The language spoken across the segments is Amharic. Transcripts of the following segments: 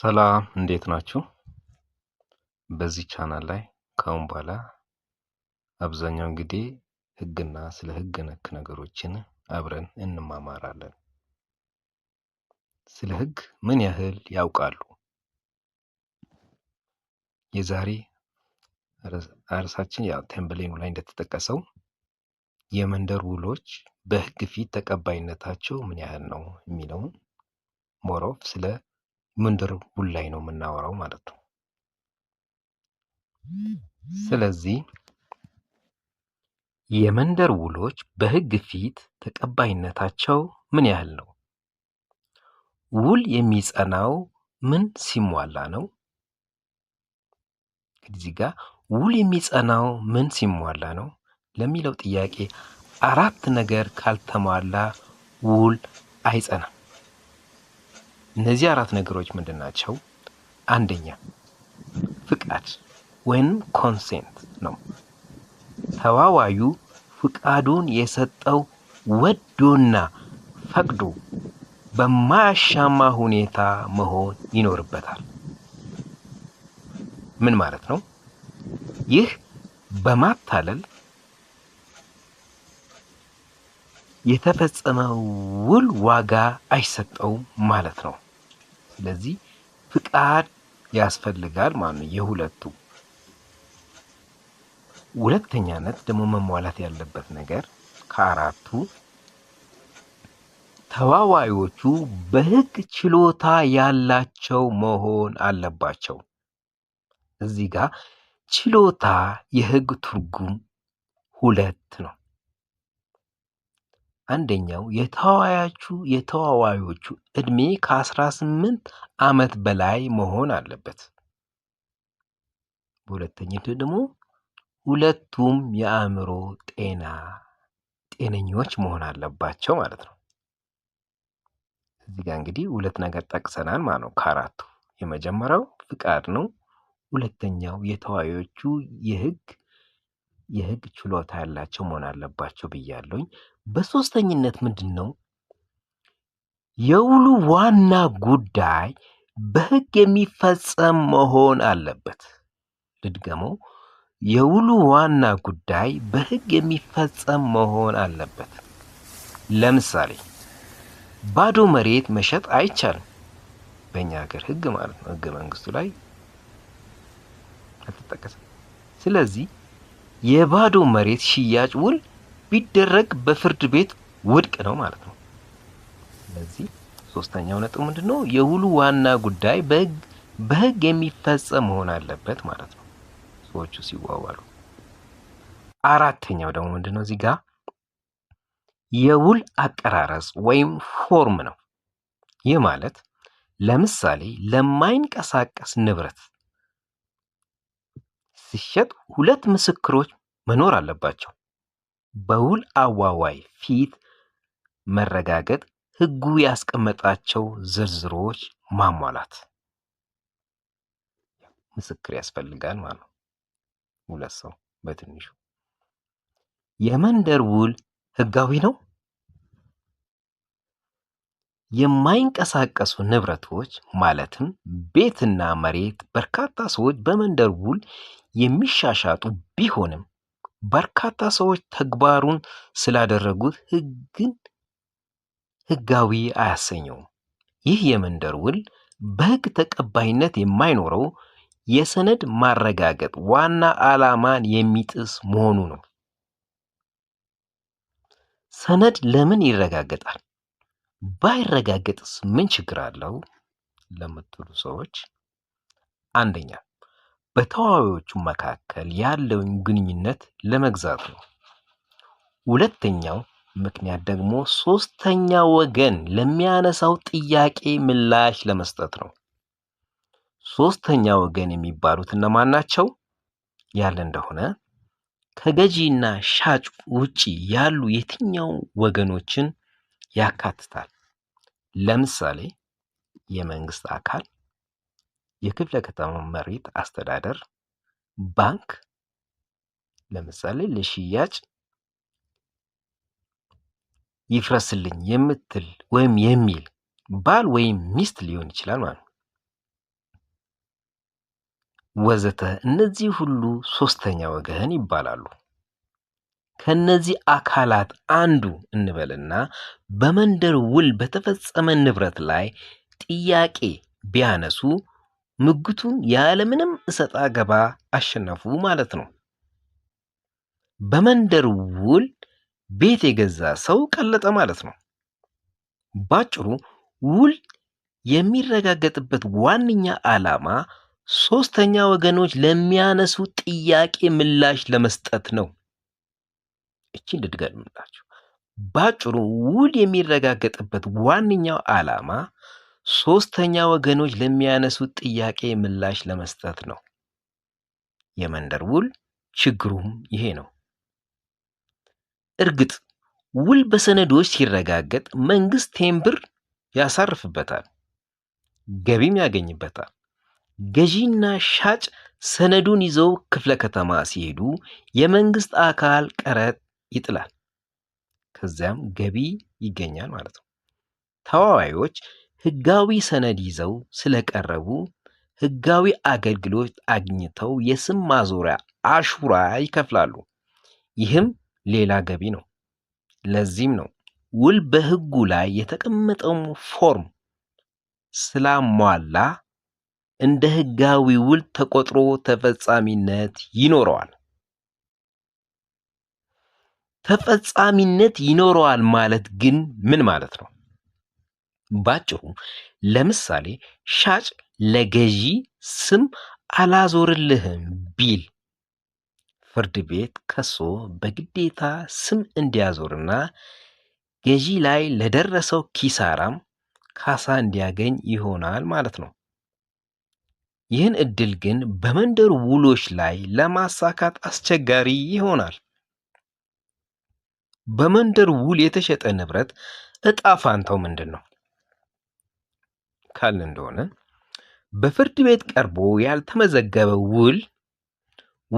ሰላም እንዴት ናችሁ? በዚህ ቻናል ላይ ከአሁን በኋላ አብዛኛውን ጊዜ ህግና ስለ ህግ ነክ ነገሮችን አብረን እንማማራለን። ስለ ህግ ምን ያህል ያውቃሉ? የዛሬ አርሳችን ያው ቴምብሌኑ ላይ እንደተጠቀሰው የመንደር ውሎች በህግ ፊት ተቀባይነታቸው ምን ያህል ነው የሚለውን ሞሮፍ ስለ ምንድር ላይ ነው የምናወራው ማለት ነው። ስለዚህ የመንደር ውሎች በሕግ ፊት ተቀባይነታቸው ምን ያህል ነው? ውል የሚጸናው ምን ሲሟላ ነው? እዚህ ጋር ውል የሚጸናው ምን ሲሟላ ነው ለሚለው ጥያቄ አራት ነገር ካልተሟላ ውል አይጸናም። እነዚህ አራት ነገሮች ምንድን ናቸው? አንደኛ ፍቃድ ወይም ኮንሴንት ነው። ተዋዋዩ ፍቃዱን የሰጠው ወዶና ፈቅዶ በማያሻማ ሁኔታ መሆን ይኖርበታል። ምን ማለት ነው? ይህ በማታለል የተፈጸመ ውል ዋጋ አይሰጠውም ማለት ነው። ስለዚህ ፍቃድ ያስፈልጋል ማለት ነው። የሁለቱ ሁለተኛነት ደግሞ መሟላት ያለበት ነገር ከአራቱ ተዋዋዮቹ በህግ ችሎታ ያላቸው መሆን አለባቸው። እዚህ ጋር ችሎታ የህግ ትርጉም ሁለት ነው። አንደኛው የተዋዋዮቹ እድሜ ከ18 ዓመት በላይ መሆን አለበት። በሁለተኝቱ ደግሞ ሁለቱም የአእምሮ ጤና ጤነኞች መሆን አለባቸው ማለት ነው። እዚህ ጋር እንግዲህ ሁለት ነገር ጠቅሰናል ማለት ነው ከአራቱ የመጀመሪያው ፍቃድ ነው። ሁለተኛው የተዋዮቹ የህግ የህግ ችሎታ ያላቸው መሆን አለባቸው ብያለሁኝ። በሶስተኝነት ምንድን ነው የውሉ ዋና ጉዳይ በህግ የሚፈጸም መሆን አለበት። ልድገመው፣ የውሉ ዋና ጉዳይ በህግ የሚፈጸም መሆን አለበት። ለምሳሌ ባዶ መሬት መሸጥ አይቻልም። በእኛ ሀገር ህግ ማለት ነው፣ ህገ መንግስቱ ላይ አልተጠቀሰም። ስለዚህ የባዶ መሬት ሽያጭ ውል ቢደረግ በፍርድ ቤት ውድቅ ነው ማለት ነው። ስለዚህ ሶስተኛው ነጥብ ምንድን ነው? የውሉ ዋና ጉዳይ በህግ የሚፈጸም መሆን አለበት ማለት ነው ሰዎቹ ሲዋዋሉ። አራተኛው ደግሞ ምንድን ነው? እዚህ ጋር የውል አቀራረጽ ወይም ፎርም ነው። ይህ ማለት ለምሳሌ ለማይንቀሳቀስ ንብረት ሲሸጥ ሁለት ምስክሮች መኖር አለባቸው። በውል አዋዋይ ፊት መረጋገጥ፣ ህጉ ያስቀመጣቸው ዝርዝሮች ማሟላት፣ ምስክር ያስፈልጋል ማለት ነው። ሁለት ሰው በትንሹ የመንደር ውል ህጋዊ ነው። የማይንቀሳቀሱ ንብረቶች ማለትም ቤትና መሬት በርካታ ሰዎች በመንደር ውል የሚሻሻጡ ቢሆንም በርካታ ሰዎች ተግባሩን ስላደረጉት ህግን ህጋዊ አያሰኘውም። ይህ የመንደር ውል በህግ ተቀባይነት የማይኖረው የሰነድ ማረጋገጥ ዋና ዓላማን የሚጥስ መሆኑ ነው። ሰነድ ለምን ይረጋገጣል? ባይረጋገጥስ ምን ችግር አለው? ለምትሉ ሰዎች አንደኛ በተዋቢዎቹ መካከል ያለውን ግንኙነት ለመግዛት ነው። ሁለተኛው ምክንያት ደግሞ ሶስተኛ ወገን ለሚያነሳው ጥያቄ ምላሽ ለመስጠት ነው። ሶስተኛ ወገን የሚባሉት እነማን ናቸው? ያለ እንደሆነ ከገዢና ሻጭ ውጪ ያሉ የትኛው ወገኖችን ያካትታል? ለምሳሌ የመንግስት አካል የክፍለ ከተማ መሬት አስተዳደር ባንክ ለምሳሌ ለሽያጭ ይፍረስልኝ የምትል ወይም የሚል ባል ወይም ሚስት ሊሆን ይችላል ማለት ነው። ወዘተ እነዚህ ሁሉ ሶስተኛ ወገን ይባላሉ። ከነዚህ አካላት አንዱ እንበልና በመንደር ውል በተፈጸመ ንብረት ላይ ጥያቄ ቢያነሱ ምግቱን ያለምንም እሰጣ ገባ አሸነፉ ማለት ነው። በመንደር ውል ቤት የገዛ ሰው ቀለጠ ማለት ነው። ባጭሩ ውል የሚረጋገጥበት ዋነኛ ዓላማ ሶስተኛ ወገኖች ለሚያነሱ ጥያቄ ምላሽ ለመስጠት ነው። እቺ እንድድገምላችሁ። ባጭሩ ውል የሚረጋገጥበት ዋነኛው ዓላማ ሶስተኛ ወገኖች ለሚያነሱት ጥያቄ ምላሽ ለመስጠት ነው። የመንደር ውል ችግሩም ይሄ ነው። እርግጥ ውል በሰነዶች ሲረጋገጥ መንግስት ቴምብር ያሳርፍበታል፣ ገቢም ያገኝበታል። ገዢና ሻጭ ሰነዱን ይዘው ክፍለ ከተማ ሲሄዱ የመንግስት አካል ቀረጥ ይጥላል፣ ከዚያም ገቢ ይገኛል ማለት ነው። ተዋዋዮች ህጋዊ ሰነድ ይዘው ስለቀረቡ ህጋዊ አገልግሎት አግኝተው የስም ማዞሪያ አሹራ ይከፍላሉ። ይህም ሌላ ገቢ ነው። ለዚህም ነው ውል በህጉ ላይ የተቀመጠው ፎርም ስላሟላ እንደ ህጋዊ ውል ተቆጥሮ ተፈጻሚነት ይኖረዋል። ተፈጻሚነት ይኖረዋል ማለት ግን ምን ማለት ነው? ባጭሩ ለምሳሌ ሻጭ ለገዢ ስም አላዞርልህም ቢል ፍርድ ቤት ከሶ በግዴታ ስም እንዲያዞርና ገዢ ላይ ለደረሰው ኪሳራም ካሳ እንዲያገኝ ይሆናል ማለት ነው። ይህን እድል ግን በመንደር ውሎች ላይ ለማሳካት አስቸጋሪ ይሆናል። በመንደር ውል የተሸጠ ንብረት እጣ ፋንታው ምንድን ነው? ካል እንደሆነ በፍርድ ቤት ቀርቦ ያልተመዘገበ ውል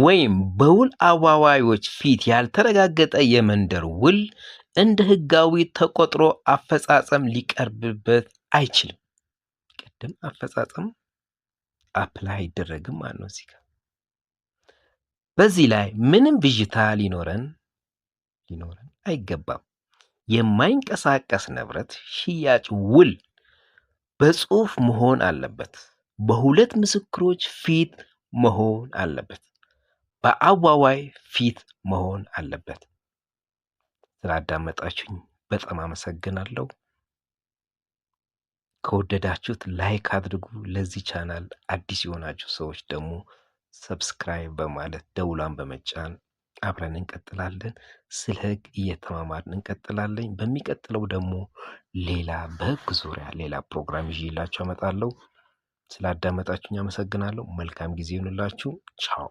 ወይም በውል አዋዋዮች ፊት ያልተረጋገጠ የመንደር ውል እንደ ሕጋዊ ተቆጥሮ አፈጻጸም ሊቀርብበት አይችልም። ቅድም አፈጻጸም አፕላይ አይደረግም ማለት ነው እዚህ ጋር። በዚህ ላይ ምንም ብዥታ ሊኖረን ሊኖረን አይገባም። የማይንቀሳቀስ ንብረት ሽያጭ ውል በጽሁፍ መሆን አለበት። በሁለት ምስክሮች ፊት መሆን አለበት። በአዋዋይ ፊት መሆን አለበት። ስላዳመጣችሁኝ በጣም አመሰግናለሁ። ከወደዳችሁት ላይክ አድርጉ። ለዚህ ቻናል አዲስ የሆናችሁ ሰዎች ደግሞ ሰብስክራይብ በማለት ደውላን በመጫን አብረን እንቀጥላለን ስለ ህግ እየተማማርን እንቀጥላለን በሚቀጥለው ደግሞ ሌላ በህግ ዙሪያ ሌላ ፕሮግራም ይዤላችሁ እመጣለሁ። ስላዳመጣችሁኝ አመሰግናለሁ መልካም ጊዜ ይሁንላችሁ ቻው